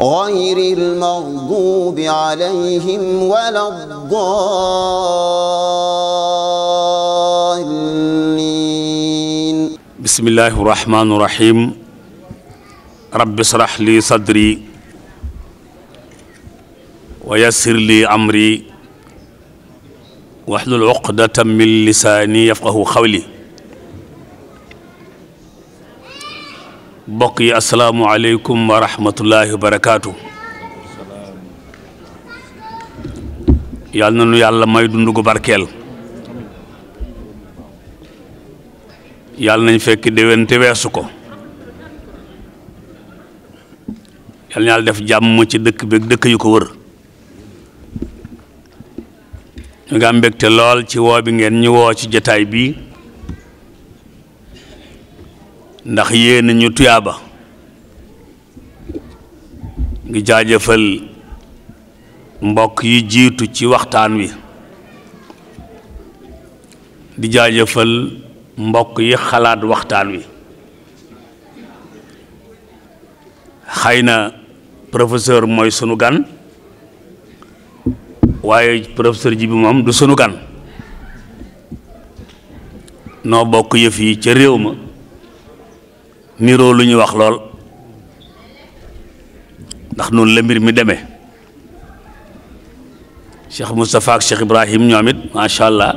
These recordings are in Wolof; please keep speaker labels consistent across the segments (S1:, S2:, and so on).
S1: غير المغضوب عليهم ولا الضالين
S2: بسم الله الرحمن الرحيم رب اشرح لي صدري ويسر لي أمري واحلل عقدة من لساني يفقه قولي bokk yi asalaamualeykum wa rahmatullahi wa barakaatu yal na nu yàlla may dund gu barkeel yal nañ fekk déwén te weesu ko yal na yàlla def jàmm ci dëkk bi dëkk yu ko wër ñu ngi am mbégte lool ci woo bi ngeen ñu woo ci jataay bii ndax yéen ñu tuyaaba ngi jaajëfal mbokk yi jiitu ci waxtaan wi di jaajëfal mbokk yi xalaat waxtaan wi xëy na professeur mooy sunu gan waaye professeur ji bi moom du sunu gan noo bokk yëf yi ca réew ma niroo lu ñu wax lool ndax noonu la mbir mi demee Cheikh Moustapha ak Cheikh Ibrahim ñoom it macha allah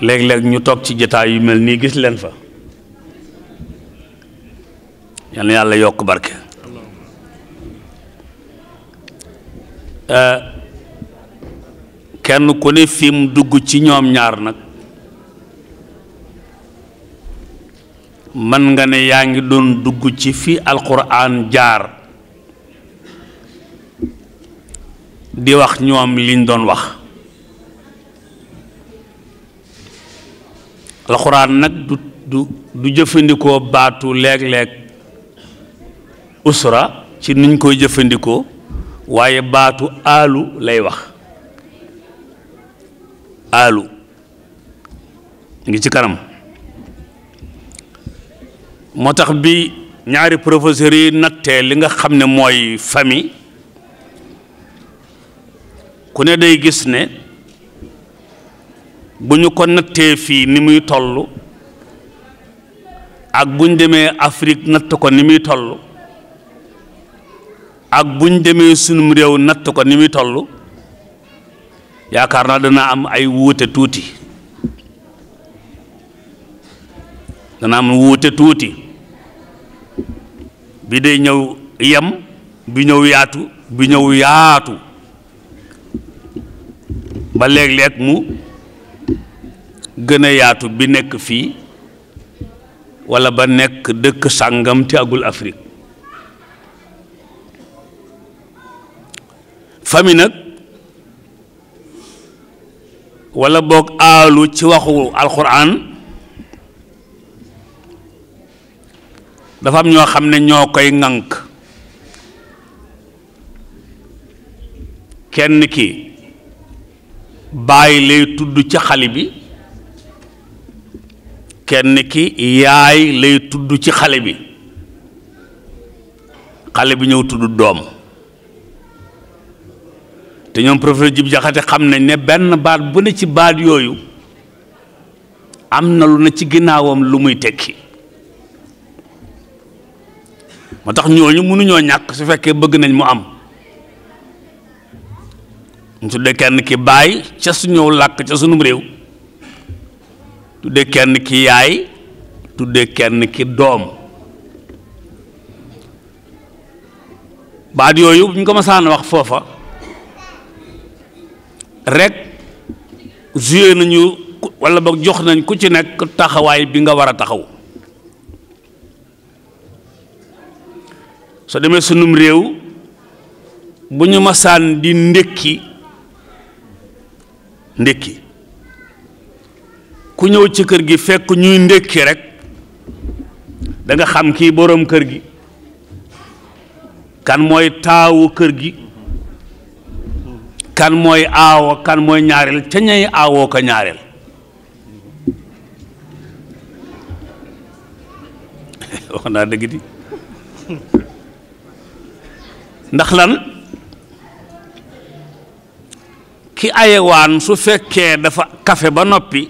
S2: léeg-léeg ñu toog ci jataay yu mel nii gis leen fa yal yàlla yokk barke eh, kenn ku ne fi dugg ci ñoom ñaar nag mën nga ne yaa ngi doon dugg ci fi alquran jaar di wax ñoom liñ doon wax alquran nag du du du jëfandikoo baatu léeg-léeg usra ci nuñ koy jëfandikoo waaye baatu aalu lay wax aalu ngi ci kanam moo tax bi ñaari professeurs yi nattee li nga xam ne mooy famille ku ne day gis ne bu ñu ko nattee fii ni muy tollu ak bu ñu demee Afrique natt ko ni muy tollu ak bu ñu demee sunum réew natt ko ni muy tollu yaakaar naa dana am ay wuute tuuti dana am wuute tuuti bi day ñëw yem bi ñëw yaatu bi ñëw yaatu ba léeg-léeg mu gën a yaatu bi nekk fii walla ba nekk dëkk sàngam te agul afrig fami nag walla boog aalu ci waxu alxuraan dafa am ñoo xam ne ñoo koy ŋànk kenn ki bàyyi lay tudd ci xale bi kenn ki yaay lay tudd ci xale bi xale bi ñëw tudd doom te ñoom professeur Jib Jaxate xam nañ ne benn baat bu ne ci baat yooyu am na lu ne ci ginnaawam lu muy tekki moo tax ñooñu mënuñoo ñàkk su fekkee bëgg nañ mu am ñu tuddee kenn ki baay ca suñu làkk ca sunum réew tuddee kenn ki yaay tuddee kenn ki doom baat yooyu bu ñu ko masaan wax foofa rek joué nañu wala boog jox nañ ku ci nekk taxawaay bi nga war a taxaw soo demee sunum réew bu ñu masaan di ndékki ndékki ku ñëw ci kër gi fekk ñuy ndékki rek da xam kii boroom kër gi kan mooy taawu kër gi kan mooy aawa kan mooy ñaareel ca aawoo ko ñaareel wax naa dëgg di ndax lan ki ayewaan su fekkee dafa kafe ba noppi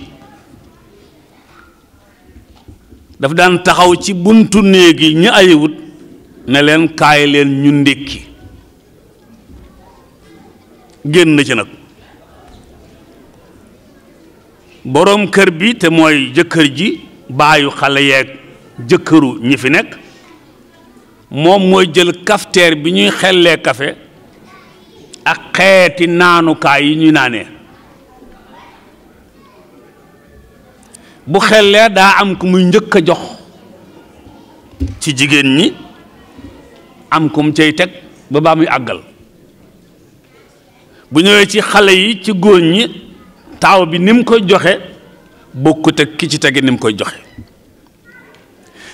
S2: dafa daan taxaw ci buntu néegi ñu ayewut ne leen kaay leen ñu ndékki génn ci nag boroom kër bi te mooy jëkkër ji baayu xale yeeg jëkkëru ñi fi nekk moom mooy jël cafetière bi ñuy xellee kafe ak xeeti naanukaay yi ñu naanee bu xellee daa am ku muy njëkk a jox ci jigéen ñi am ku mu cay teg ba baa muy àggal bu ñëwee ci xale yi ci góor ñi taaw bi ni mu koy joxe bokkut ak ki ci tege ni mu koy joxe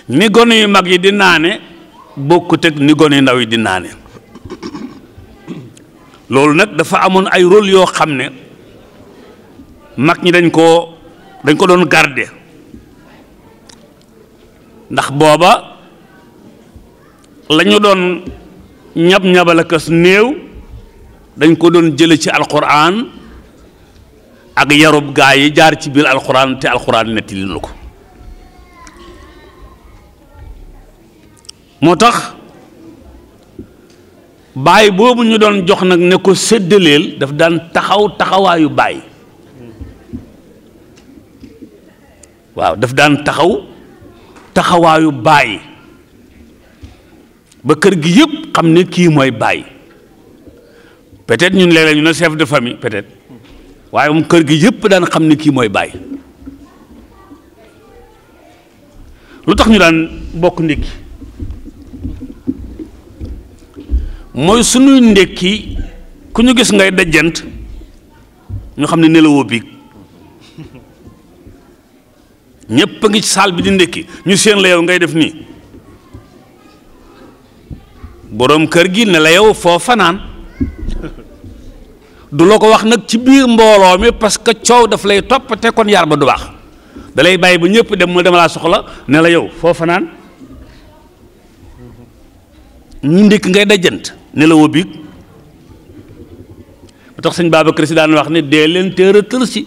S2: ni gone yu mag yi di naane bokkut ak ni gone ndaw yi di naane loolu nag dafa amoon ay rôle yoo xam ne mag ñi dañ koo dañ ko doon garder ndax booba lañu doon ñab ñabalakas néew dañ ko doon jële ci alxuraan ak yarub gaa yi jaar ci biir alxuraan te alxuraan nettali lu ko moo tax baay boobu ñu doon jox nag ne ko séddaleel daf daan taxaw taxawaayu baay waaw daf daan taxaw taxawaayu baay ba kër gi yëpp xam ne kii mooy baay peut-être ñun léeg-léeg ñu ne chef de famille peut-être waaye moom kër gi yëpp daan xam ne kii mooy baay lu tax ñu daan bokk ndékki mooy sunuy ndékki ku ñu gis ngay dajjant ñu xam ne nelawoo biig ñépp a ngi ci saal bi di ndékki ñu seen la yow ngay def nii boroom kër gi ne la yow foo fanaan du la ko wax nag ci biir mbooloo mi parce que coow daf lay topp te kon yar ba du baax dalay lay bàyyi ba ñëpp dem ma dama laa soxla ne la yow foo fanaan ñu ndékki ngay dajjant nelawoo biig ba tax sëñ Babacar Si daan wax ne dee leen téer tër si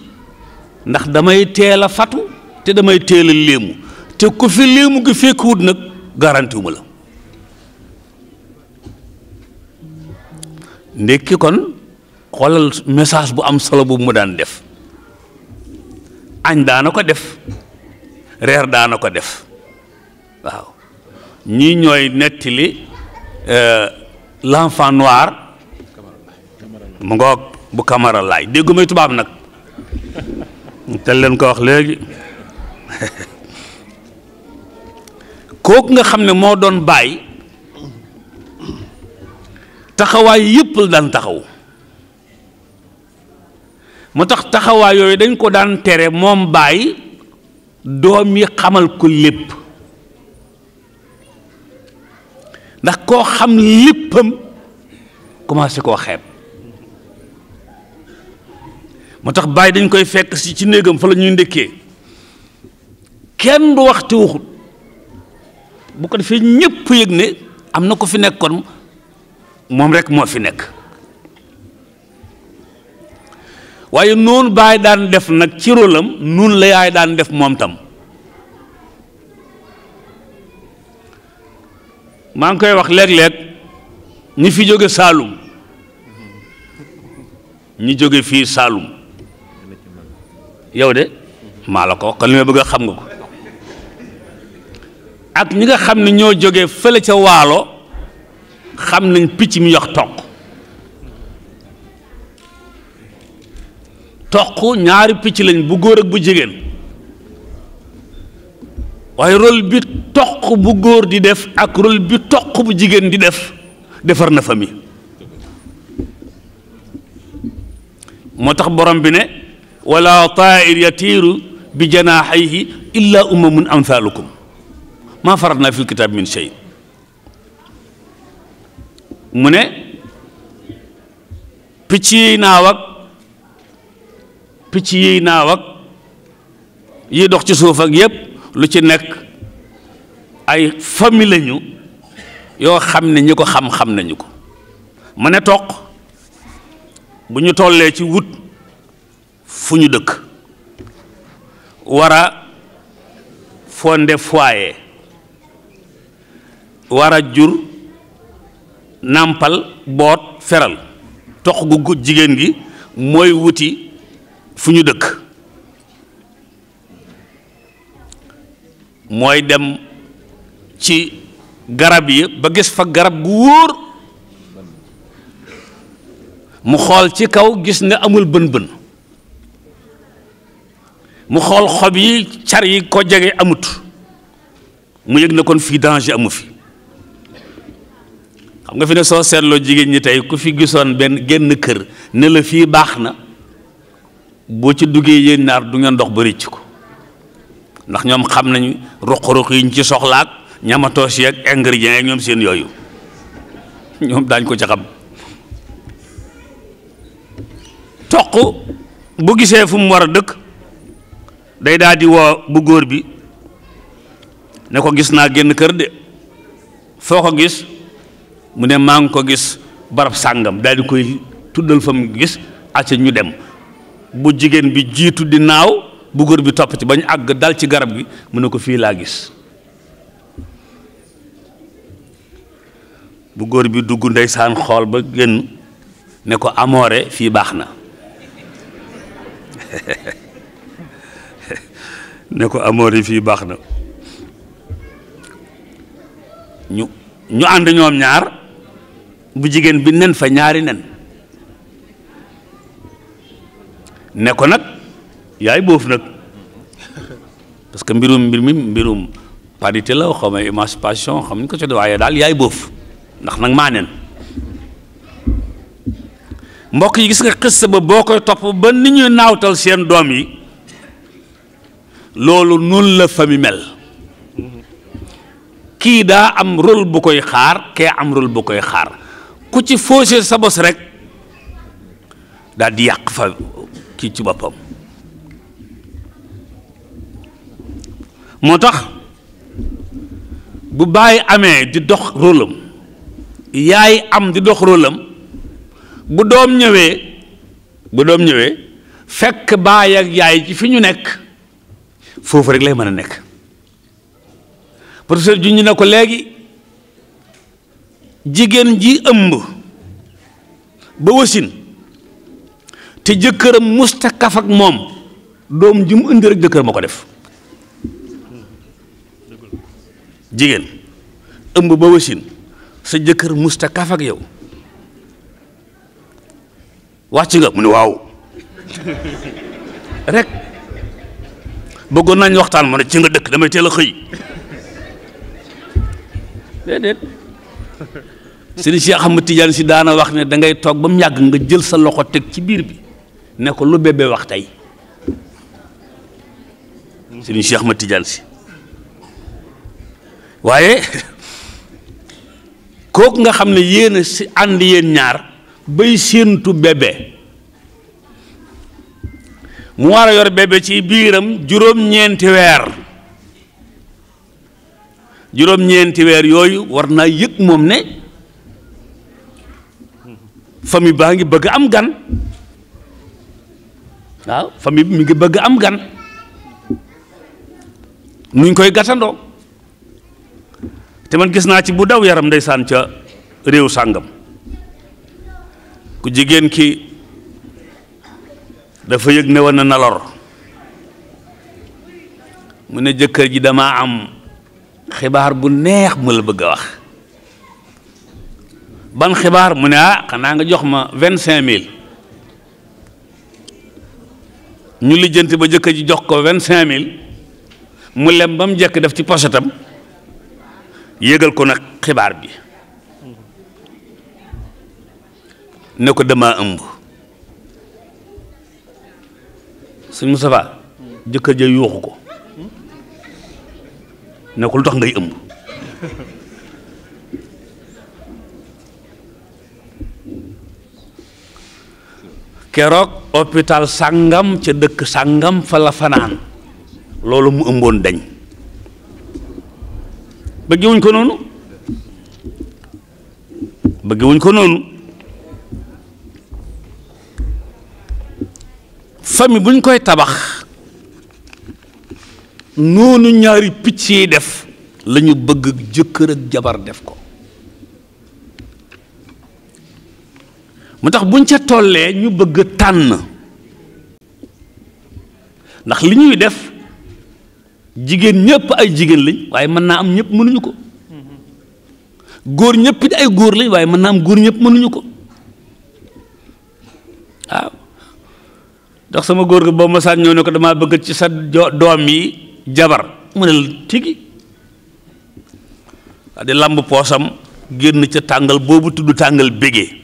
S2: ndax damay teel a fatu te damay teela a léemu te ku fi léemu gi fekkwut nag garanti la ndekki kon xoolal message bu am solo bu mu daan def añ daana ko def reer daana ko def waaw ñii ñooy nettali euh, l'enfant noir mu ngoog bu kamara laay déggu may tubaab nag tel leen ko wax léegi kooku nga xam ne moo doon bàyyi taxawaay yëpp la daan taxaw moo tax taxawaay yooyu dañ ko daan tere moom bàyyi doom yi xamal ko lépp ndax koo xam ni léppam commencé koo xeeb moo tax bàyyi dañ koy fekk si ci néegam fa la ñuy ndékkee kenn du wax te bu ko defee ñëpp yëg ne am na ko fi nekkoon moom rek moo fi nekk waaye noonu bàyyi daan def nag ci rolam noonu la yaay daan def moom tam maa ngi koy wax léeg-léeg ñi fi jóge Saalum ñi jóge fii Saalum yow de maa la ko wax kon li ma bëgg xam nga ko ak ñi nga xam ni ñoo jóge fële ca waalo xam nañ picc mi yox toq toq ñaari picc lañ bu góor ak bu jigéen waaye rôle bi toq bu góor di def ak rôle bi toq bu jigéen di def defar na fa mi moo tax borom bi ne wala taa'ir yatiiru bi janaaxayhi illa umamun amthaalukum maa faratnaa fil kitaab min shay mu ne picc yiy naaw picc yiy naaw ak yi dox ci suuf yépp lu ci nekk ay famille lañu yoo xam ne ñi ko xam-xam nañu ko mu ne toq bu ñu tollee ci wut fu ñu dëkk wara a fonder foyer jur nàmpal boot feral toq gu jigéen gi mooy wuti fu ñu dëkk mooy dem ci garab yi ba gis fa garab gu wóor mu xool ci kaw gis ne amul bën-bën mu xool xob yi car yi ko jege amut mu yëg na kon fii danger amu fi xam nga fi ne soo seetloo jigéen ñi tey ku fi gisoon benn genn kër ne la fii baax na boo ci duggee yéen naar du ngeen dox ba rëcc ko ndax ñoom xam nañu ruq-ruq yi ñu ci soxlaak ñamatoos yeeg ingrédients yeeg ñoom seen yooyu ñoom daañ ko ci xam toq bu gisee fu mu war a dëkk day daal woo bu góor bi ne ko gis naa génn kër de foo ko gis mu ne maa ngi ko gis barab sàngam daal di koy tuddal fa mu gis acca ñu dem bu jigéen bi jiitu di naaw bu góor bi topp ba ñu àgg dal ci garab gi mu ne ko fii laa gis bu góor bi dugg ndeysaan xool ba génn ne ko amoore fii baax na ne ko amoore fii baax na ñu ñu ànd ñoom ñaar bu jigéen bi nen fa ñaari nen ne ko nag yaay boof nag parce que mbirum mbir mi mbirum parité la xaw ma émancipation xam ñu ko ci waaye daal yaay boof ndax nag maa neen mbokk yi gis nga xis ba boo koy topp ba ni ñuy naawtal seen doom yi loolu noonu la fami mel kii daa am rôle bu koy xaar kee am rôle bu koy xaar ku ci faussé sa bos rek daal di yàq fa kii ci boppam moo tax bu bàyyi amee di dox rôlam yaay am di dox rôlam bu doom ñëwee bu doom ñëwee fekk baay ak yaay ci fi ñu nekk foofu rek lay mën a nekk professeur ju ñu ne ko léegi jigéen ji ëmb ba wasin te jëkkëram mustakaf ak moom doom ji mu indi rek jëkkër ma ko def jigéen ëmb ba wasin sa jëkkër musta kaf ak yow wàcc nga mu ne waaw rekk bëggoon nañ waxtaan mu ne ci nga dëkk damay teel a xëy déedéet sëñ Cheikh Ahmad si daana wax ne dangay toog ba mu yàgg nga jël sa loxo teg ci biir bi ne ko lu bébé wax tey sëñ Cheikh Ahmad Tidiane si waaye kooku nga xam ne yéena si ànd yéen ñaar bay séentu bébé mu war a yor bébé ci biiram juróom-ñeenti weer juróom-ñeenti weer yooyu war naa yëg moom ne famille baa ngi bëgg am gan waaw famille bi mi ngi bëgg am gan nuñ koy gasandoo te man gis naa ci bu daw yaram ndeysaan ca réew sàngam ku jigéen ki dafa yëg ne woon na nalor mu ne jëkkër ji damaa am xibaar bu neex mu la bëgg a wax ban xibaar mu ne ah xanaa nga jox ma vingt cinq mille ñu lijjanti ba jëkkër ji jox ko vingt cinq mille mu lem ba mu jekk def ci posetam yëgal ko nag xibaar bi ne ko dama ëmb sëñ Moustapha jëkkër ja yuuxu ko ne ko lu tax ngay ëmb keroog hôpital sàngam ca dëkk sàngam fa la fanaan loolu mu ëmboon deñ bëggewuñ ko noonu bëggewuñ ko noonu famille buñ koy tabax noonu ñaari picc yi def lañu bëgg jëkkër ak jabar def ko mu tax buñ ca tollee ñu bëgg tànn ndax li ñuy def jigéen ñëpp ay jigéen lañ waaye mën naa am ñëpp mënuñu ko góor ñépp it ay góor lañ waaye mën naa am góor ñëpp mënuñu ko waaw ndax sama góor gi boo ma saan ñëw ne ko damaa bëgg ci sa doom yi jabar mu ne la tigi poosam génn ca tàngal boobu tudd tàngal bégee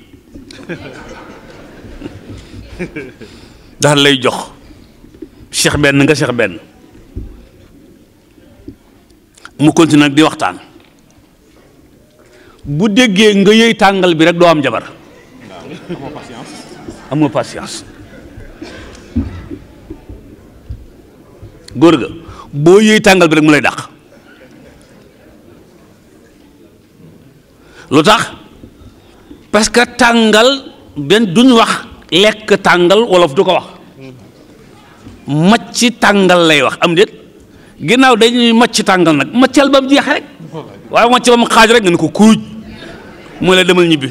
S2: daal lay jox seex benn nga seex benn mu continue nag di waxtaan bu déggee nga yëy tàngal bi rek doo am jabar amoo patience góor ga boo yëy tàngal bi rek mu lay dàq lu tax parce que tàngal benn duñ wax lekk tàngal wolof du ko wax macc tàngal lay wax am déet ginnaaw dañuy màcc tàngal nag màccal ba mu jeex rek waaye màcc ba mu xaaj rek nga ne ko kuuj mu la demal ñibbi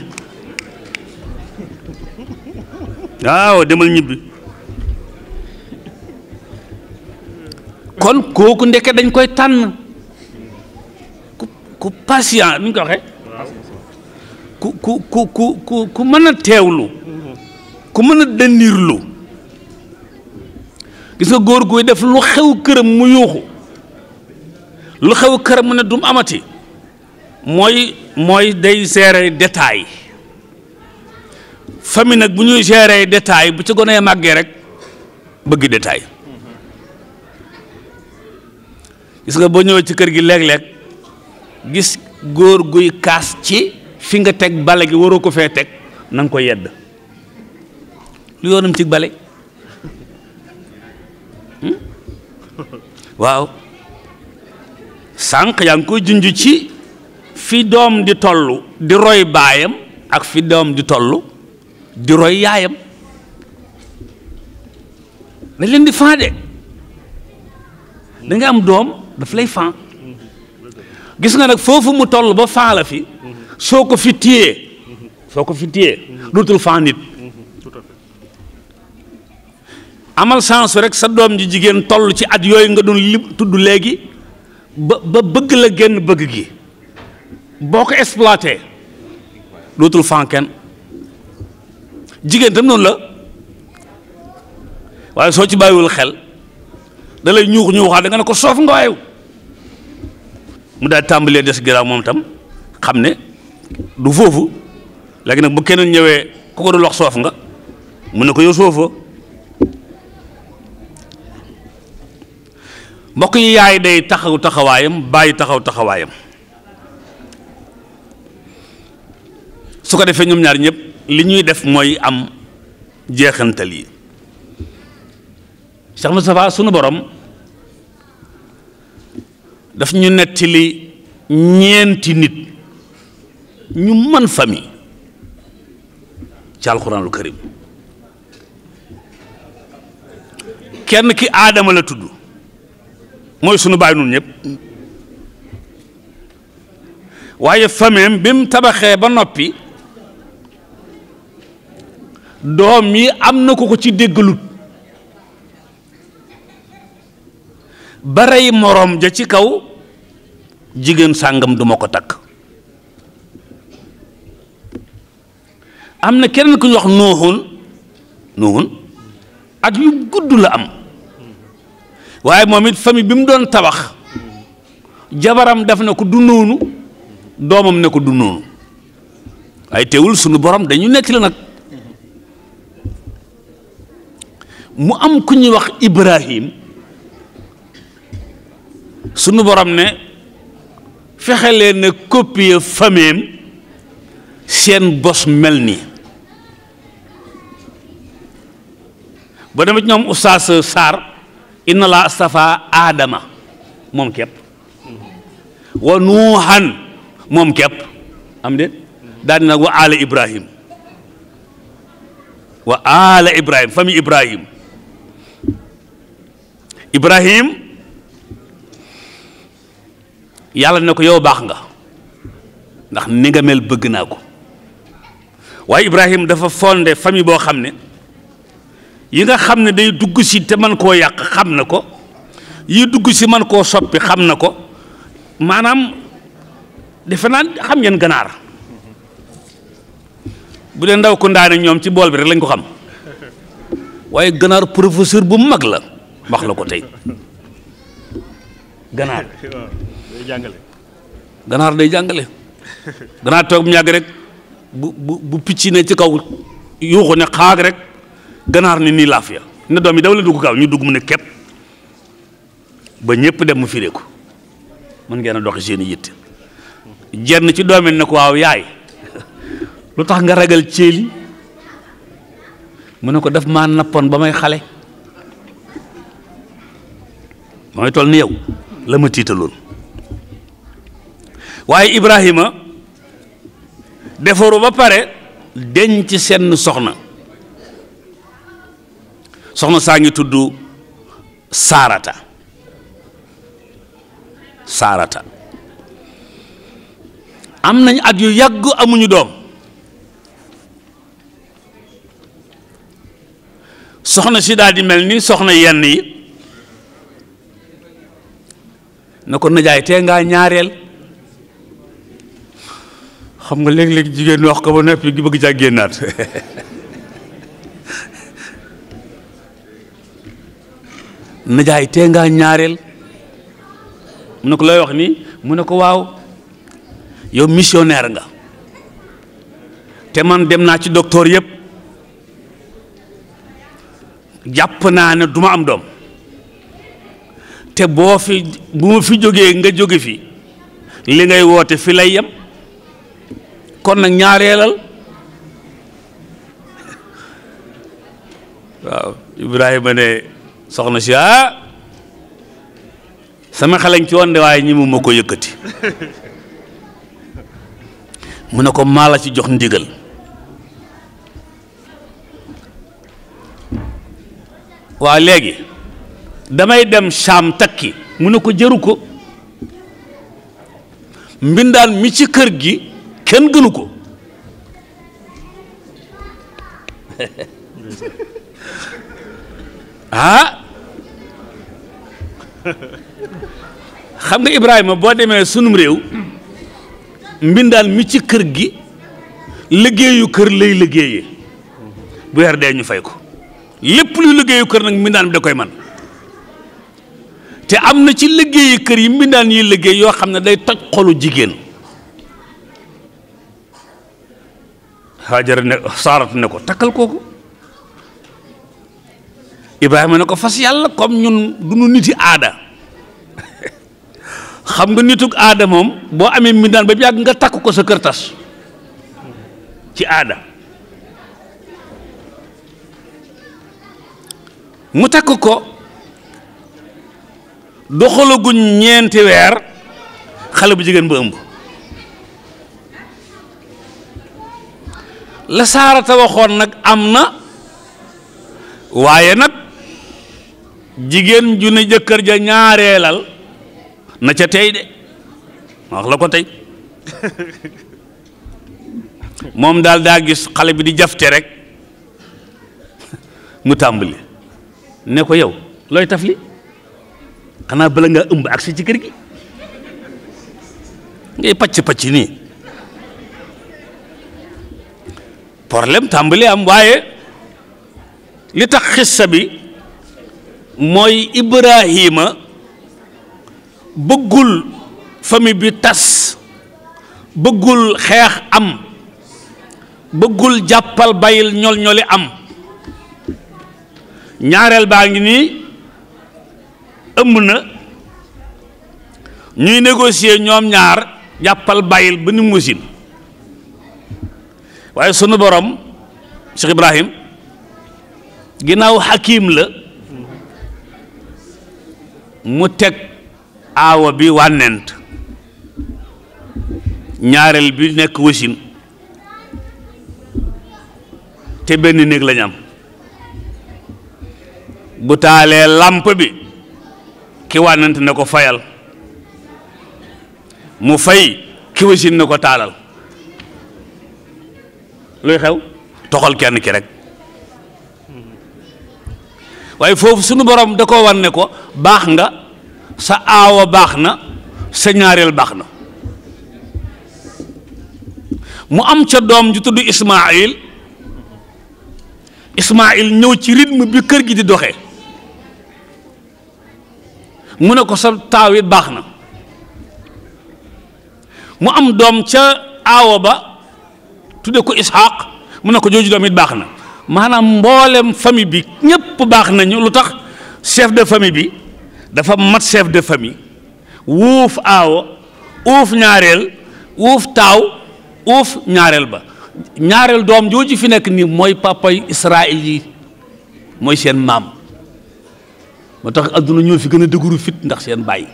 S2: waaw demal ñibbi kon kooku ndeke dañ koy tànn ku ku patient nu ñu ko waxee ku ku ku ku ku mën a teewlu ku mën a dëndiirlu gis nga góor guy def lu xew këram mu yuuxu lu xew këram mu ne dum amati mooy mooy day gérer détail famille nag bu ñuy gérer détail bu ci gonee màggee rek bëgg détail gis nga boo ñëwee ci kër gi léeg-léeg gis góor guy kaas ci fi nga teg bale gi waroo ko fee teg nang ko yedd lu yoonam ci bale hmm? waaw sànq yaa ngi koy junj ci fi doom di tollu di roy baayam ak fi doom di tollu di roy yaayam dañ leen di faa de da am doom daf lay faa gis nga nag foofu mu toll ba faa la fi soo ko fi téyee soo ko fi téyee dootul faa nit amal chance rek sa doom ji jigéen toll ci at yooyu nga doon tudd léegi ba ba bëgg la génn bëgg gi boo ko exploité lootul fan kenn jigéen tam noonu la waaye soo ci bàyyiwul xel da lay ñuux ñuuxaat da nga ne ko soof nga waayu mu daal tàmbalee des ginnaaw moom tam xam ne du foofu léegi nag bu kenn ñëwee ku ko dul wax soof nga mun na ko yow soofoo mbokk yi yaay day taxaw taxawaayam bàyyi taxaw taxawaayam su ko defee ñoom ñaar ñëpp li ñuy def mooy am jeexantal yi Cheikh Moustapha sunu borom daf ñu li ñeenti nit ñu mën fami ci alxuraanul karim kenn ki aadama la tudd mooy sunu baay nun ñëpp waaye fameem bi mu tabaxee ba noppi doom yi am na ko ko ci déggalut barey moroom ja ci kaw jigéen sàngam duma ko takk am na keneen ku ñu wax nuuxun at yu gudd la am waaye moom it famille bi mu doon tabax jabaram def na ko du noonu doomam ne ko du noonu waaye teewul sunu borom dañu nekk la nag mu am ku ñuy wax Ibrahim sunu borom ne fexe leen ne copier fameem seen bos mel nii ba demee ci ñoom Oustaz Sarr. inna laa safa aadama moom képp wa nuuxan moom képp am déet daal nag wa aala ibrahim wa aala ibrahim famille ibrahim ibrahim yàlla ne ko yow baax nga ndax ni nga mel bëgg naa ko waaye ibrahim dafa fondé famille boo xam ne yi nga xam ne day dugg si te man koo yàq xam na ko yi dugg si man koo soppi xam na ko maanaam defe naa xam ngeen ganaar bu dee ndaw ko ndaane ñoom ci bool bi rek lañ ko xam waaye ganaar professeur bu mag la wax la ko tey ganaar day jàngale ganaar toog mu ñàgg rek bu bu bu picc ne ci kaw yuuxu ne xaag rek ganaar ni nii laaf ya doom yi daw leen dugg gaaw ñu dugg mu ne képp ba ñëpp dem mu fireeku mën ngeen a doxi seen i yitte ci doomi ne ko waaw yaay lu tax nga ragal céeli mu ne ko def maa nappoon ba may xale ba may toll ni yow la ma tiitaloon waaye Ibrahima defaru ba pare ci seen soxna soxna saa ngi tudd saarata saarata am nañ at yu yàgg amuñu doom soxna si daal mel ni soxna yenn yi na ko najaay tee ngaa ñaareel xam nga léeg-léeg jigéen wax ko ba noppi gi bëgg caa génnaat najaay tee nga ñaareel mu ne ko looy wax ni mu ne ko waaw yow missionnaire nga te man dem naa ci docteur yépp jàpp naa ne duma am doom te boo fi bu ma fi jógee nga jóge fi li ngay woote fi lay yem kon nag ñaareelal waaw Ibrahima ne soxna si ah sama xelañ ci woon de waaye ñi mu ma ko yëkkati mu ne ko maa la ci jox ndigal waa léegi damay dem saam takki mu ne ko jëru ko mbindaan mi ci kër gi kenn gënu ko ah xam nga Ibrahima boo demee sunum réew mbindaan mi ci kër gi liggéeyu kër lay liggéeyee bu weer dee ñu fay ko lépp luy liggéeyu kër nag mbindaan bi da koy man te am na ci liggéeyu kër yi mbindaan yi liggéey yoo xam ne day toj xolu jigéen Haajara ne saaratu ne ko takkal kooku Ibrahima ne ko fas yàlla comme ñun du ñu niti aada xam nga nituk aada moom boo amee mbindaan ba yàgg nga takk ko sa kër tas ci aada mu takk ko doxalaguñ ñeenti weer xale bu jigéen ba ëmb la saarata waxoon nag am na waaye nag jigéen ju jëkkër ja ñaareelal na ca tey de wax la ko tey moom daal daa gis xale bi di jafte rek mu tàmbali ne ko yow looy taf li xanaa bala ngaa ëmb agsi ci kër gi ngay pacc pacc nii problème tàmbali am waaye li tax xissa bi mooy Ibrahima bëggul famille bi tas bëggul xeex am bëggul jàppal bayil ñol-ñoli am ñaareel baa ngi nii ëmb na ñuy négocier ñoom ñaar jàppal bayil ba ni musin waaye sunu borom Cheikh Ibrahim ginnaaw xakim la mu teg aawa bi wànnent ñaareel bi nekk wasin te benn néeg lañ am bu taalee làmp bi ki wànnent na ko fayal mu fay ki wasin na ko taalal luy xew toxal kenn ki rek waaye foofu suñu borom da ko wanne ko baax nga sa aawa baax na sa ñaareel baax na mu am ca doom ju tudd Ismaayil Ismaayil ñëw ci rythme bi kër gi di doxe mu ne ko sa taawit baax na mu am doom ca aawa ba tudde ko Isxaaq mu ne ko jooju doom baax na maanaam mboolem famille bi ñëpp baax nañu lu tax chef de famille bi dafa mat chef de famille wuuf aawo uuf ñaareel uuf taaw uuf ñaareel ba ñaareel doom jooju fi nekk nii mooy papay Israël yi mooy seen maam moo tax adduna ñoo fi gën a dëgëru fit ndax seen bàyyi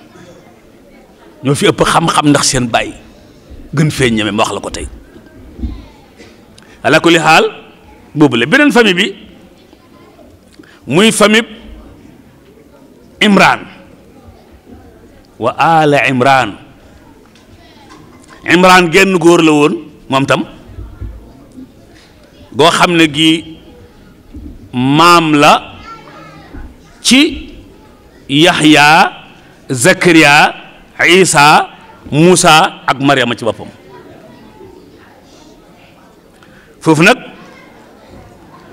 S2: ñoo fi ëpp xam-xam ndax seen bàyyi gën fee ñeme ma wax la ko tey ala xaal boobu la beneen famille bi muy famille imran wa ala imran imran genn góor la woon moom tam goo xam ne gi maam la ci yaxya zakariya isa muusa ak mariama ci boppam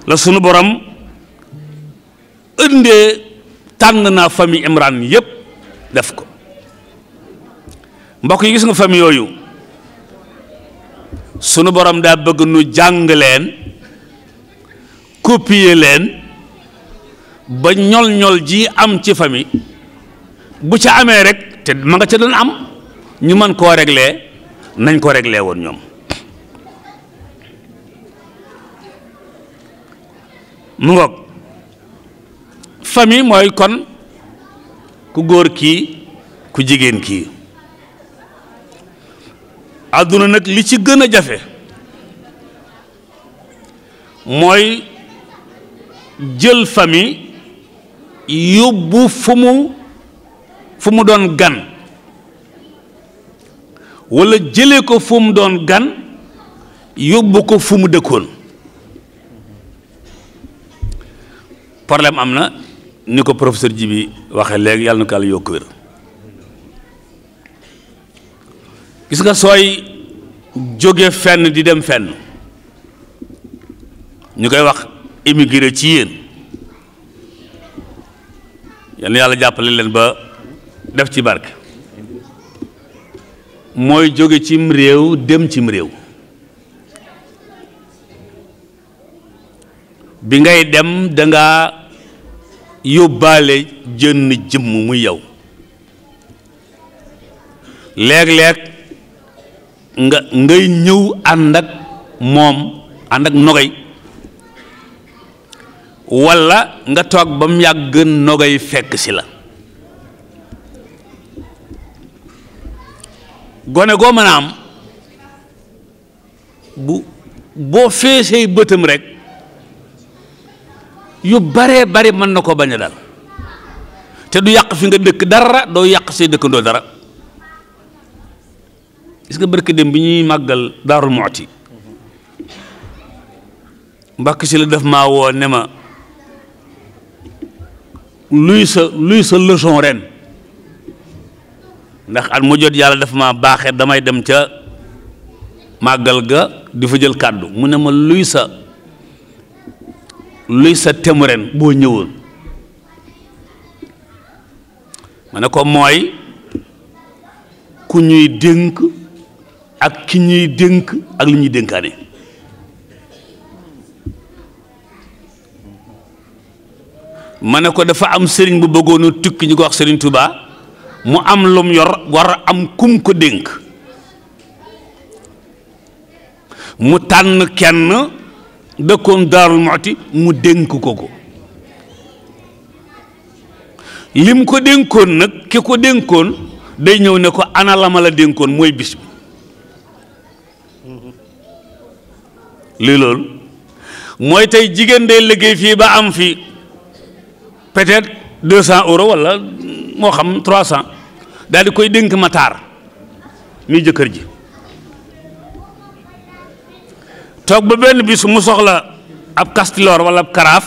S2: la sunu borom ëndee tànn naa famille Imran yépp def ko mbokk yi gis nga famille yooyu sunu borom daa bëgg nu jàng leen copier leen ba ñol-ñol ji am ci famille bu ca amee rek te ma nga ca doon am ñu mën koo régler nañ ko régler woon ñoom mu ngoog famille mooy kon ku góor kii ku jigéen kii àdduna nag li ci gën a jafe mooy jël famille yóbbu fu mu fu mu doon gan walla jële ko fu mu doon gan yóbbu ko fu mu dëkkoon problème am na ni ko professeur Djibi waxe léegi yàlla na ko yàlla yokk wér gis nga sooy jóge fenn di dem fenn ñu koy wax immigré ci yéen yal na yàlla jàppale leen ba def ci barke mooy jóge cim réew dem cim réew bi ngay dem danga yóbbaale jën jëmm mu yow léeg-léeg nga ngay ñëw ànd ak moom ànd ak nogay walla nga toog ba mu yàgg nogay fekk si la gone goo mën a am boo feesee bëtam rekk yu baree bari mën na koo bañ a te du yàq fi nga dëkk dara doo yàq say dëkkandoo dara is nga barke dem bi ñuy màggal Daarul Muxti mbàkk la def maa woo ne ma luy sa luy sa leçon ren ndax at mu jot yàlla def ma baaxee damay dem ca màggal ga di fa jël kàddu mu ne ma luy sa luy sa temu boo ñëwoon ma ne ko mooy ku ñuy dénk ak ki ñuy dénk ak li ñuy dénkaane ma ne ko dafa am sëriñ bu bëggoon a tukki ñu ko wax sëriñ Touba mu am lum yor war am kum ko dénk mu tànn kenn dëkkoon daarul moxti mu dénk ko ko lim ko dénkoon nag ki ko dénkoon day ñëw ne ko ana la ma dénkoon mooy bis bi lii loolu mooy tey jigéen day liggéey fii ba am fi peut-être deux cent euros walla moo xam trois cent daal di koy dénk mataar mi jëkkër ji toog ba benn bis mu soxla ab kastiloor wala ab karaaf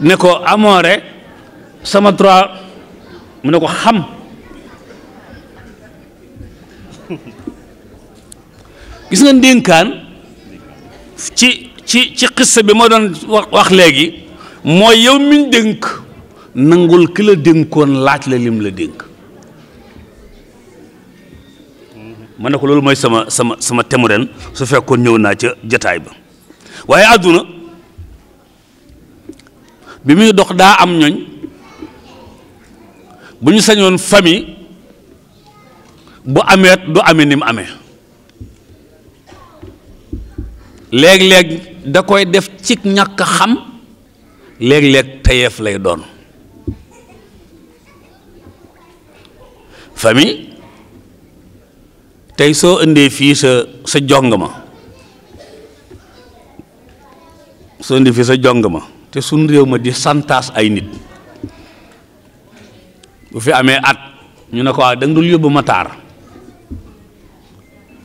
S2: ne ko amoore sama trois mu ne ko xam gis nga ndénkaan ci ci ci xissa bi ma doon wax wax léegi mooy yow miñ dénk nangul ki la dénkoon laaj la lim la dénk ma ne ko loolu mooy sama sama sama temu su fekkoon ñëw naa ca jataay ba waaye àdduna bi muy dox daa am ñoñ bu ñu sañoon famille bu amee du amee ni ame amee léeg-léeg da koy def ci ñàkk xam léeg-léeg tayeef lay doon famille tey soo indee fii sa sa jong ma soo indee fii sa jong ma te suñ réew ma di santaas ay nit bu fi amee at ñu ne ko ah da nga dul yóbbu Matar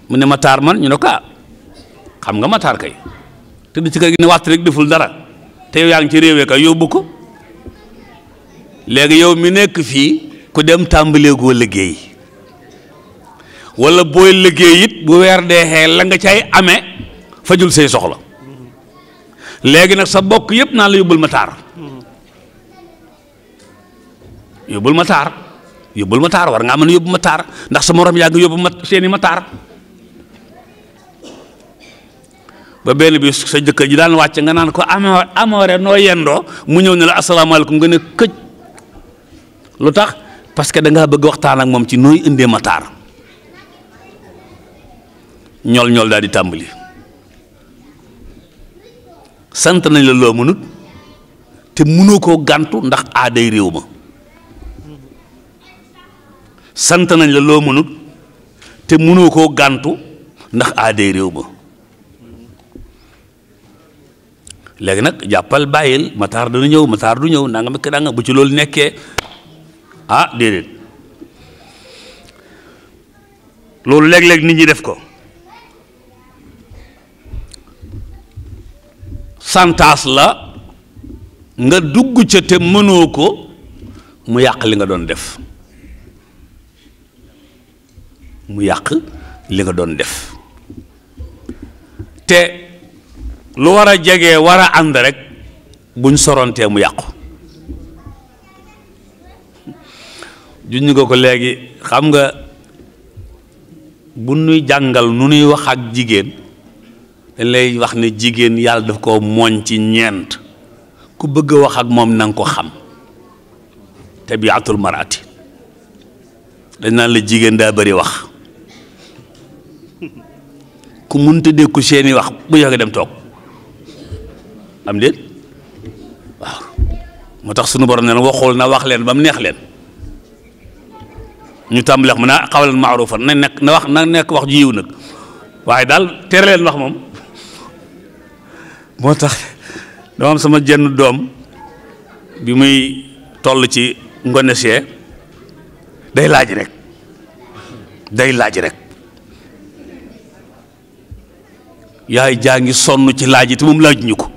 S2: mu ne Matar man ñu ne ko ah xam nga Matar kay te du ci kër gi ne waxtu rek deful dara te yow yaa ngi ci réewee kay yóbbu ko léegi yow mi nekk fii ku dem tàmbaleegoo liggéey wala booy liggéey it bu weer dee xee la nga cay amee fajul say soxla léegi nag sa bokk yëpp naa la yóbbul ma taar yóbbul ma taar yóbbul ma taar war nga am a yóbbu ma taar ndax sa morom yaa ngi yóbbu ma seeni ma taar ba benn bi sa jëkkër ji daan wàcce nga naan ko amoo amoore noo yendoo mu ñëw ne la asalaamaaleykum nga ne këj lu tax parce que da ngaa bëgg waxtaan ak moom ci nooy indee ma taar ñol ñol daal di tàmbali sant nañ la loo mënut te mënoo koo gàntu ndax aaday réew ma sant nañ la loo mënut te mënoo koo gantu ndax aaday réew ma léegi nag jàppal bàyyil mataar dana ñëw mataar du ñëw nanga ma danga bu ci loolu nekkee ah déedéet loolu léeg-léeg nit ñi def ko santaas la nga dugg ca te mënoo ko mu yàq li nga doon def mu yàq li nga doon def te lu war a jege war a ànd rek buñ sorontee mu yàqu juñ nga ko léegi xam nga bu nuy jàngal nu nuy wax ak jigéen lay wax ne jigéen yàlla daf koo mooñ ci ñeent ku bëgg a wax ak moom na nga ko xam tabiatul marati dañ naan la jigéen daa bari wax ku munta dékku seeni wax bu yàgg dem toog am déet moo tax sunu borom ne waxul na wax leen ba mu neex leen ñu tàmbali wax na ah, xawal xawalan maarufan na nekk na wax na nekk wax ju yiw nag waaye daal tere leen wax moom moo tax dama am sama jenn doom bi muy toll ci ngone see day laaj rek day laaj rek yaay jaa ngi sonn ci laaj yi te moom laaj ñu ko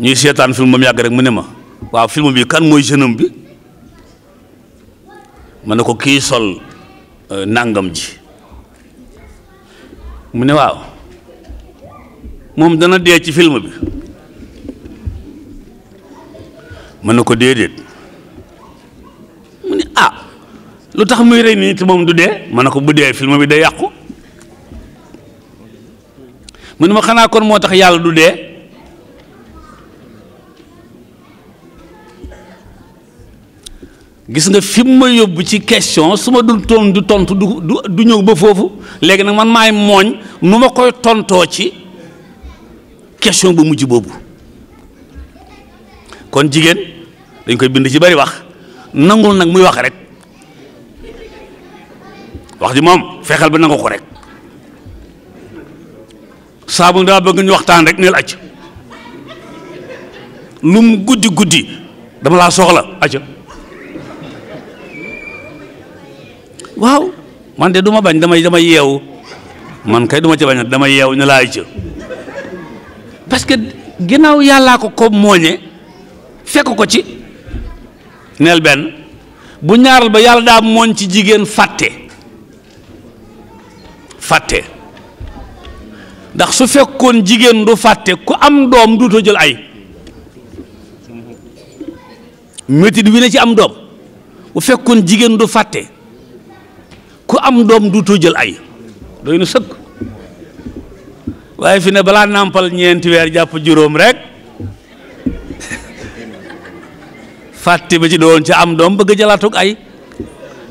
S2: ñuy seetaan film moom yàgg rek mu ne ma waaw film bi kan mooy jeune bi ma ne ko kii sol euh, nangam ji mu ne waaw moom dana dee ci film bi mën na ko déedéet mu ne ah lu tax muy rey nit moom du dee mën na ko bu dee film bi day yàqu mu ne ma xanaa kon moo tax yàlla du dee gis nga fi mu ma yóbbu ci question su ma dul ton du tontu du du ñëw ba foofu léegi nag man maay mooñ nu ma koy tontoo ci question bu mujj boobu kon jigéen dañ koy bind ci bari wax nangul nag muy wax rek wax ji moom fexeel bi nangu ko rek saabu daa bëgg ñu waxtaan rek neel acc lu mu guddi guddi dama laa soxla acca waaw man de du ma bañ damay dama yeewu man kay du ma bañ damay yeewu ñu laay ca parce que ginnaaw yàllaa ko ko mooñe fekk ko ci neel benn bu ñaaral ba yàlla daa mooñ ci jigéen fàtte fàtte ndax su fekkoon jigéen du fàtte ku am doom duutoo jël ay métit wi na ci am doom bu fekkoon jigéen du fàtte ku am doom duutoo jël ay doy na sëkk waaye fi ne balaa nàmpal ñeenti weer jàpp juróom rek fàtte ba ci doon ci am doom bëgg jëlaatug ay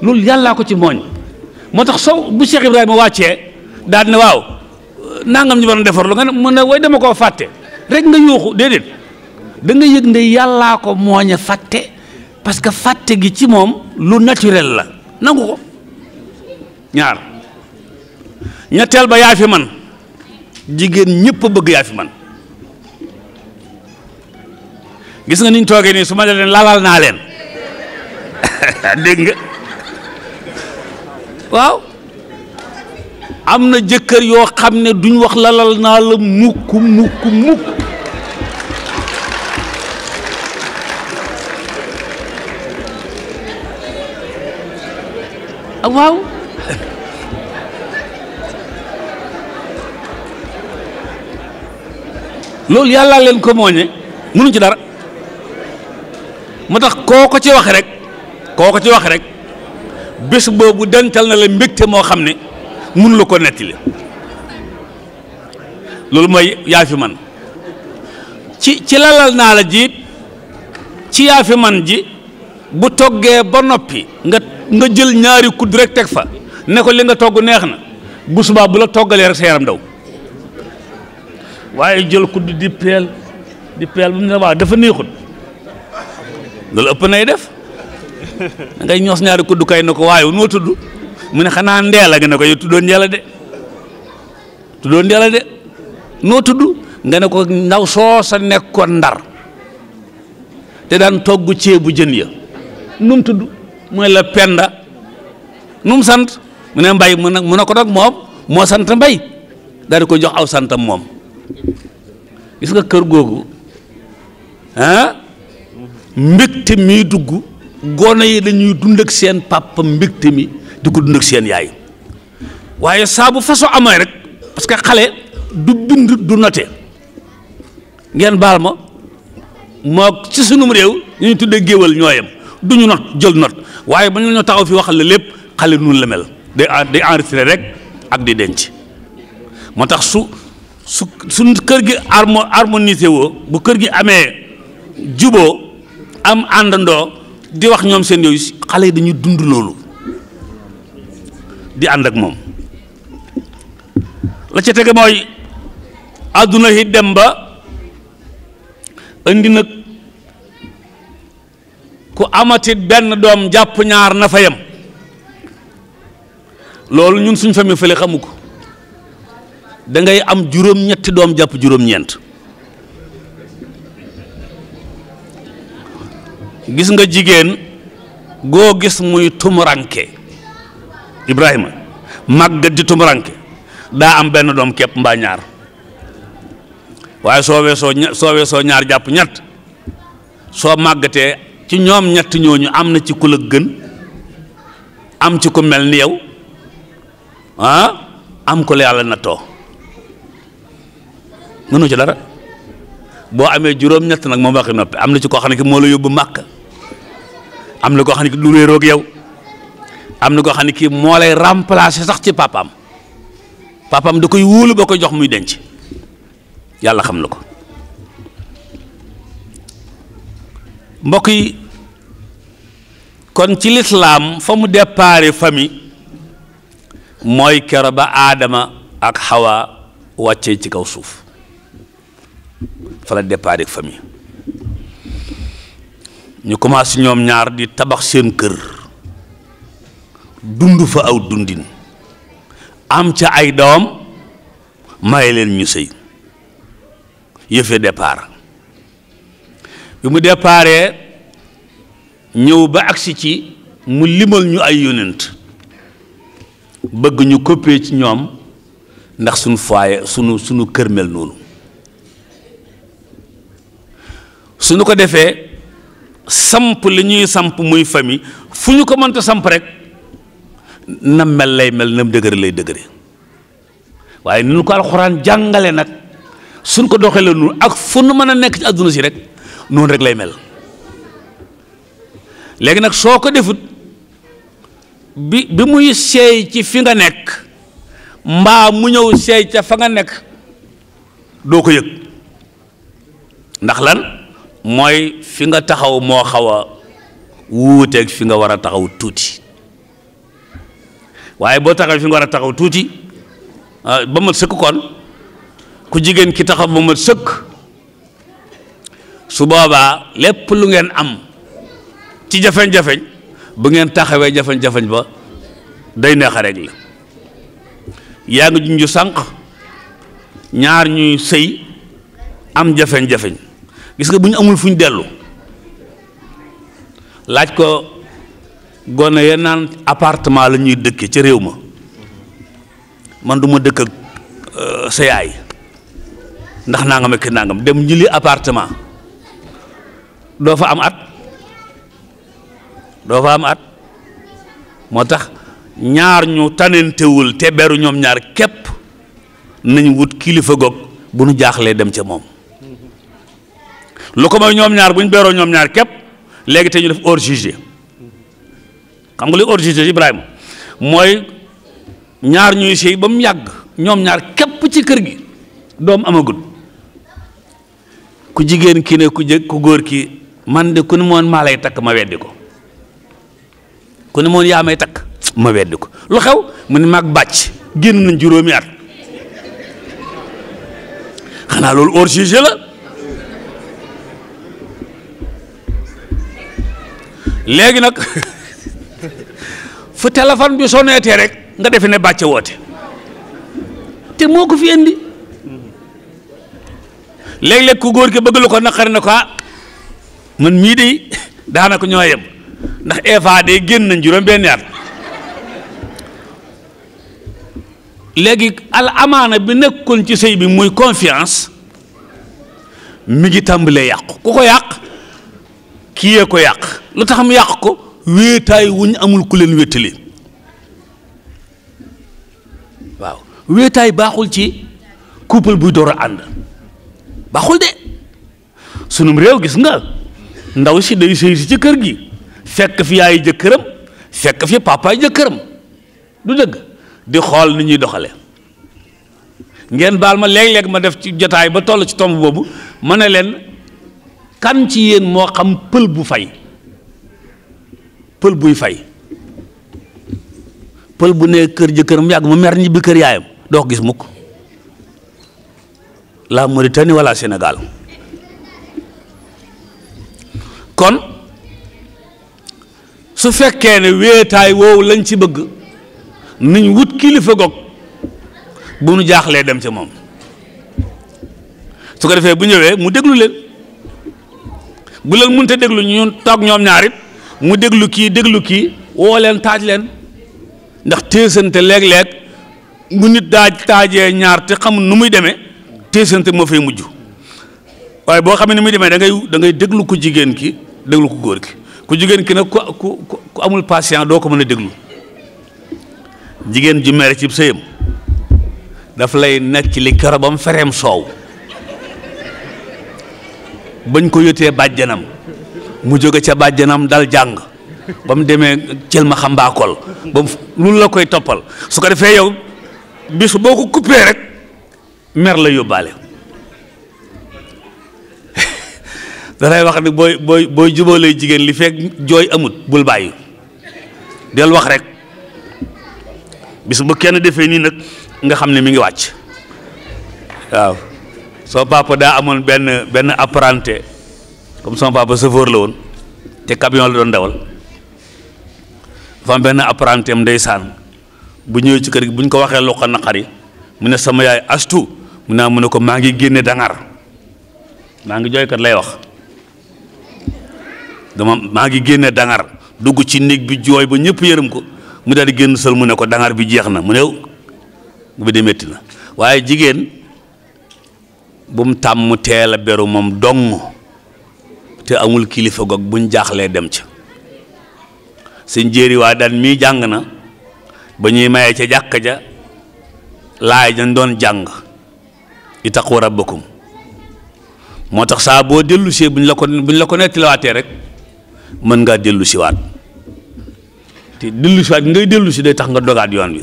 S2: loolu yàllaa ko ci mooñ moo tax soo bu Cheikh Ibrahima wàccee daal ne waaw nangam ñu waroon defar lu nga ne mu na way dama koo fàtte rek nga yuuxu déedéet da nga yëg nde yàllaa ko mooñ a fàtte parce que fàtte gi ci moom lu naturel la nangu ko ñaar ñetteel ba yaa fi man jigéen ñëpp bëgg yaa fi man gis nga niñ toogee nii su ma leen lalal naa leen dégg nga waaw am na jëkkër yoo xam ne duñ wax lalal naa la mukk mukk mukk ah, waaw loolu yàllaa leen ko mooñe mënuñ ci dara moo tax koo ko ci wax rek koo ko ci wax rek bés boobu dencal na la mbégte moo xam ne mënu la ko nettali loolu mooy yaafi man ci ci lalal naa la jiit ci yaa man ji bu toggee ba noppi nga nga jël ñaari kudd rek teg fa ne ko li nga togg neex na bu subaa bu la toggalee rek sa yaram daw waaye jël kudd di peel di peel bu mu ne waaw dafa neexut loolu ëpp nay def da ngay ñoos ñaari kudd kay na ko waaye noo tudd mu ne xanaa ndeela a nga ne ko yow tuddoon njëla de noo tudd nga ne ko ndaw soo sa nekkoon ndar te daan togg ceebu jën ya num tudd mooy la penda nu sant mu ne mbay mu ne ko nag moom moo sant mbay daal di ko jox aw santam moom gis nga kër googu ah mbégte mi dugg gone yi dañuy dund ak seen papa mbégte mi di ko dund ak seen yaay waaye saa bu façon amee rek parce que xale du bind du note ngeen baal ma moo ci sunum réew ñu ñu tuddee géwal ñooyam du ñu not jël not waaye ba ñu taxaw fi waxal la lépp xale nun la mel day rek ak di denc moo tax su su suñ kër gi harmo harmonisé woo bu kër gi amee juboo am àndandoo di wax ñoom seen yooyu xale yi dañuy dund loolu di ànd ak moom la ci tege mooy àdduna yi dem ba indi nag ku amati benn doom jàpp ñaar nafayam loolu ñun suñ famille fële xamu ko dangay am juróom-ñetti doom jàpp juróom-ñeent gis nga jigéen goo gis muy tumuranke Ibrahima màggat di tumuranke daa am benn doom képp mbaa ñaar waaye soo weesoo soo ñaar jàpp ñett soo màggatee ci ñoom ñett ñooñu am na ci ku la gën am ci ku mel ni yow ah am ko la yàlla nattoo mënoo ci dara boo amee juróom-ñett nag moom waxi noppi am na ci koo xam ne ki moo la yóbbu màkk am na koo xam ne ki du réeroog yow am na koo xam ne kii moo lay remplacer sax ci papaam papam da koy wóolu ba ko jox muy denc yàlla xam na ko mbokk yi kon ci lislaam fa mu déparé famille mooy kero ba aadama ak xawa wàccee ci kaw suuf fa la départ ak ñu commencé ñoom ñaar di tabax seen kër dund fa aw dundin am ca ay doom maye leen ñu sëy yëfe départ bi mu départee ñëw ba agsi ci mu limal ñu ay yonent bëgg ñu coppee ci ñoom ndax suñu foyer sunu sunu kër mel noonu suñu ko defee samp li ñuy samp muy famille fu ñu ko mënta samp rek na mel lay mel nam dëgëre lay dëgëre waaye ni ñu ko alxuraan jàngale nag suñ ko doxee la noonu ak fu nu mën a nekk ci àdduna si rek noonu rek lay mel léegi nag soo ko defut bi bi muy seey ci fi nga nekk mbaa mu ñëw seey ca fa nga nekk doo ko yëg ndax lan mooy fi nga taxaw moo xaw a wuuteeg fi nga war a taxaw tuuti waaye boo taxaw fi nga war a taxaw tuuti ah, ba mat sëkk kon ku jigéen ki taxaw ba mat sëkk su boobaa lépp lu ngeen am ci jafeñ-jafeñ bu ngeen taxawee jafeñ-jafeñ ba day neex a réglé yaa ngi junju sànq ñaar ñuy sëy am jafeñ-jafeñ gis nga bu ñu amul fu ñu dellu laaj ko gone ya naan appartement la ñuy dëkke ca réew ma man duma ma dëkk ak euh, sa yaay ndax nangam ak nangam dem jëli apartement doo fa am at doo fa am at moo tax ñaar ñu tanentewul te beru ñoom ñaar képp nañ wut kilifa goog bu nu jaaxlee dem ca moom lu ko mooy ñoom ñaar bu ñu beeroo ñoom ñaar képp léegi te ñu def hors jugé xam nga li hors jugé Ibrahima mooy ñaar ñuy sëy ba mu yàgg ñoom ñaar képp ci kër gi doom amagul ku jigéen ki ne ku jëkk ku góor ki man de ku ni moon maa takk ma weddi ko ku ni moon yaa may takk ma weddi ko lu xew mu ne maag bàcc génn nañ juróomi at xanaa loolu hors la léegi nag fu téléphone bi soneetee rek nga defe ne bàcce woote te moo ko fi indi léeg-léeg ku góor ki bëgg lu ko naqari na ko ah, man mii de daanaka ñoo yem ndax Eva de génn nañ juróom-benn at léegi al amaana bi nekkoon ci sëy bi muy confiance mi ngi tàmbalee yàqu ku ko yàq. kii ko yàq lu tax yàq ko wéetaay wuñ amul ku leen wéttali waaw wéetaay baaxul ci couple buy door a ànd baaxul de sunum réew gis nga ndaw si day sëy si ci kër gi fekk fi yaay jëkkëram fekk fi papaay jëkkëram du dëgg di xool ni ñuy doxale ngeen baal ma léeg-léeg ma def ci jotaay ba toll ci tomb boobu ma ne leen kan ci yéen moo xam pël bu fay pël buy fay pël bu ne kër jëkkër mu yàgg mu mer ñibbi kër yaayam doo gis mukk la Mauritanie wala Sénégal kon su fekkee ne wéetaay woowu lañ ci bëgg niñ wut kilifa gog bu nu jaaxlee dem ci moom su ko defee bu ñëwee mu déglu leen bu leen mënta déglu ñun toog ñoom ñaar mu déglu kii déglu kii woo leen taaj leen ndax téesante léeg-léeg bu nit daaj taajee ñaar te xamul nu muy demee téesante moo fay mujj waaye boo xamee ni muy demee da ngay da déglu ko jigéen ki déglu ko góor ki ku jigéen ki nag ku ku ku amul patient doo ko mën a déglu jigéen ju mere ci sëyam daf lay nekk ci li kër ba mu fereem soow. bañ ko yotee bàjjanam mu jóge ca bàjjanam dal jàng ba mu demee cël ma xam mbaakol ba mu lu la koy toppal su ko defee yow bisu boo ko coupé rek mer la yóbbaale danay wax ni booy booy booy jubalay jigéen li fekk jooy amut bul bàyyi del wax rek bis bu kenn defee nii nag nga xam ne mi ngi wàcc waaw sama papa daa amoon benn benn apprenti comme sama papa chauffeur la woon te camion la doon dawal dafa am benn apprenti am ndeysaan bu ñëwee ci kër gi bu ñu ko waxee lu ko naqari mu ne sama yaay astu mu naa mu ne ko maa ngi génne dangar maa ngi jooykat lay wax dama maa ngi génne dangar dugg ci néeg bi jooy ba ñëpp yërëm ko mu daal di génn sol mu ne ko danar bi jeex na mu néew bi de métti na waaye jigéen bu mu tàmm teel a beru moom dong te amul kilifa goog buñ jaaxlee dem ca sëñ jéeri waa daan mii jàng na ba ñuy mayee ca jàkka ja laay dañ doon jàng itaqu rabbakum moo tax saa boo dellu see buñ la ko buñ la ko nettaliwaatee rek mën ngaa dellu siwaat te dellu ngay dellu si day tax nga dogaat yoon bi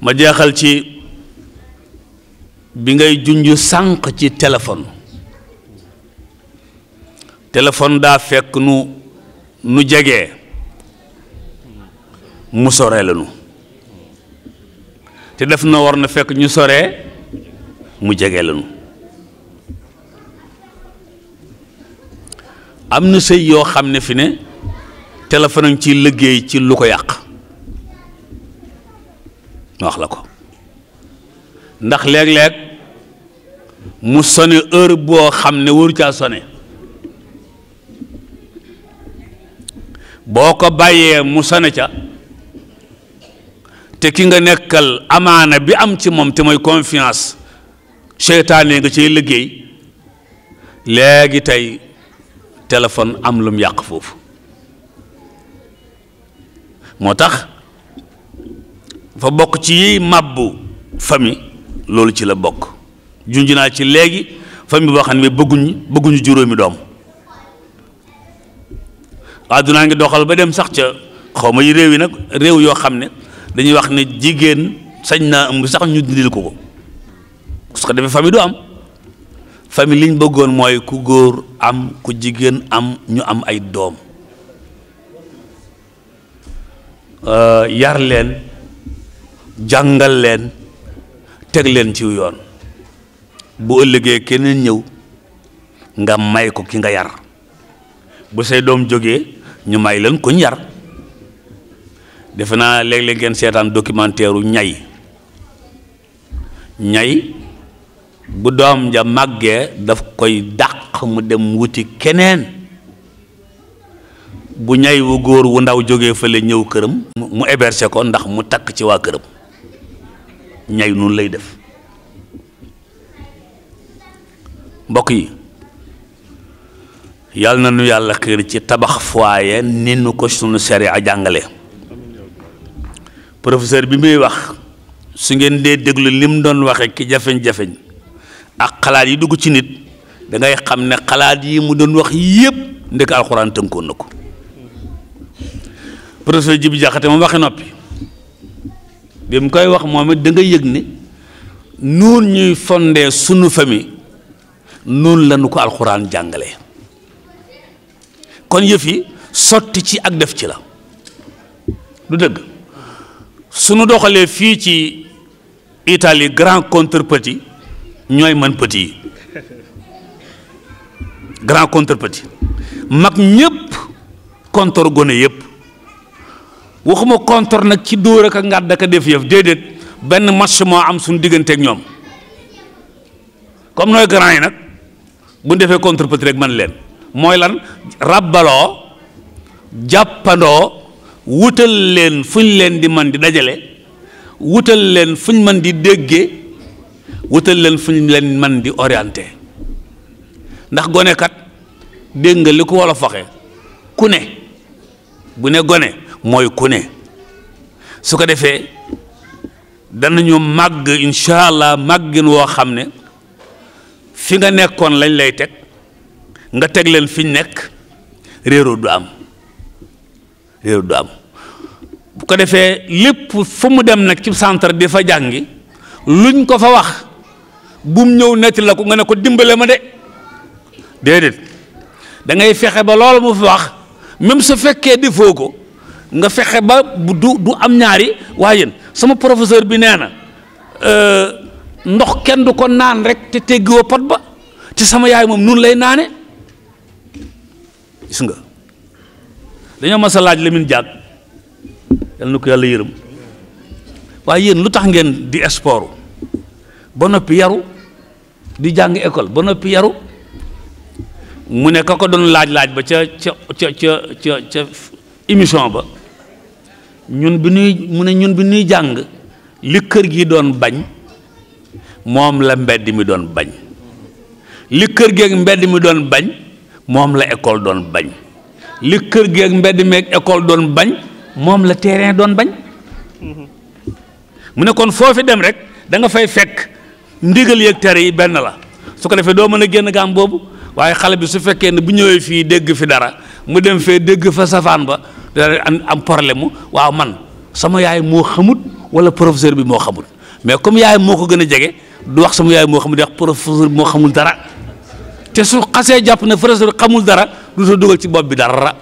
S2: ma jeexal ci bi ngay junj sànq ci téléphone téléphone daa fekk nu nu jege mu sore la te def na war na fekk ñu sore mu jege la am na sëy yoo xam ne fi ne téléphone ci liggéey ci lu ko yàq wax la ko ndax léeg-léeg mu sone heure boo xam ne waru caa sone boo ko bàyyee mu sone ca te ki nga nekkal amaana bi am ci moom te mooy confiance seytaane nga ciy liggéey léegi tey téléphone am lum yàq foofu moo tax fa bokk ci yiy màbbu famille loolu ci la bokk junj naa ci léegi famille boo xam ne bëgguñu bëgguñu juróomi doom àddunaa ngi doxal ba dem sax ca xaw ma yi réew yi nag réew yoo xam ne dañuy wax ne jigéen sañ naa sax ñu dindil ko ko parce que defee famille du am famille liñ bëggoon mooy ku góor am ku jigéen am ñu am ay doom euh, yar leen jàngal leen teg leen ci yoon bu ëllëgee keneen ñëw nga may ko ki nga yar bu say doom jógee ñu may leen kuñ yar defe naa léeg-léeg ngeen seetaan documentaire u ñay ñay bu doom ja màggee daf koy dàq mu dem wuti keneen bu ñay wu góor wu ndaw jógee fële ñëw këram mu héberger ko ndax mu takk ci waa këram ñay noonu lay def mbokk yi yal na nu yàlla xër ci tabax foyer ni nu ko sunu a jàngale professeur bi muy wax su ngeen dee déglu li mu doon waxe ki jafeñ-jafeñ ak xalaat yi dugg ci nit dangay xam ne xalaat yi mu doon wax yépp ndek alxuraan tënkoon na ko professeur Jibi Jaxate moom waxe noppi bi mu koy wax moom it da nga yëg ni noonu ñuy fondee sunu famille noonu la ko alxuraan jàngale kon yëf yi sotti ci ak def ci la du dëgg sunu doxalee fii ci Italie grand contre petit ñooy man petit yi grand contre petit mag ñëpp contre gone yëpp waxuma contre nag ci dóor ak a ngàdd ak def yëf déedéet benn match moo am suñu digganteeg ñoom comme nooy grand yi nag bu defee contre petit rek man leen mooy lan rabbaloo jàppandoo wutal leen fuñ leen di man di dajale wutal leen fuñ mën di déggee wutal leen fuñ leen man di orienté ndax gonekat dégg nga li ko wolof waxe ku ne bu ne gone mooy ku ne su ko defee danañu màgg incha allah màggin woo xam ne fi nga nekkoon lañ lay teg nga teg leen fi ñu nekk réeru du am réeru am bu ko defee lépp fu mu dem nag ci centre di fa jàngi luñ ko fa wax bum ñëw netti la ko nga ne ko dimbale ma de déedéet da fexe ba loolu mu fi wax même su fekkee defoo ko nga fexe ba bu du du am ñaari waaye yéen sama professeur bi nee na ndox kenn du ko naan rek te teggiwoo pot ba te sama yaay moom nun lay naane gis nga dañoo mas a laaj Lamine Diack yal yàlla yërëm waaye yéen lu tax ngeen di sport ba noppi yaru di jàng école ba noppi yaru mu nekk ko doon laaj laaj ba ca ca ca ca ca émission ba ñun bi ñuy mu ne ñun bi ñuy jàng li kër gi doon bañ moom la mbedd mi doon bañ li kër gi ak mbedd mi doon bañ moom la école doon bañ li kër gi mbedd mi école doon bañ moom la terrain doon bañ mu ne kon foofi dem rek danga fay fekk ndigal yeeg tere yi benn la su ko defee doo mën a génn gaam boobu waaye xale bi su fekkee ne bu ñëwee fii dégg fi dara mu dem fee dégg fa safaan ba dana am am problème mu waaw man sama yaay moo xamut wala professeur bi moo xamut mais comme yaay moo ko gën a jege du wax sama yaay moo xamut wax professeur bi moo xamul dara te su xasee jàpp ne professeur xamul dara du sa dugal ci bopp bi dara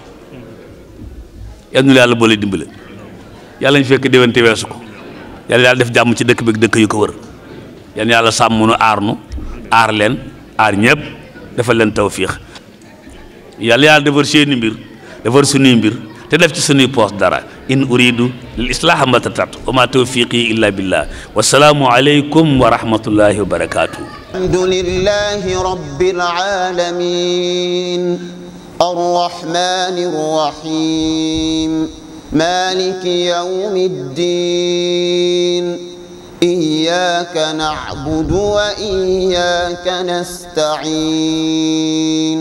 S2: yal na yàlla boole dimbale yàlla ñu fekk déwén te weesu ko yàlla yàlla def jàmm ci dëkk bi dëkk yu ko wër yal yàlla sàmm nu aar nu aar leen aar ñëpp defal leen tawfiix yàlla yàlla defar seeni mbir defar suñuy mbir te def ci suñuy poos dara in uridu lil islaaha matatat wa ma tawfiqi illa billah wasalaamu aleykum wa rahmatullahi wa barakatuh
S1: alhamdulillahi rabbil alamin arrahmani rrahim maliki yawmi ddin إياك نعبد وإياك نستعين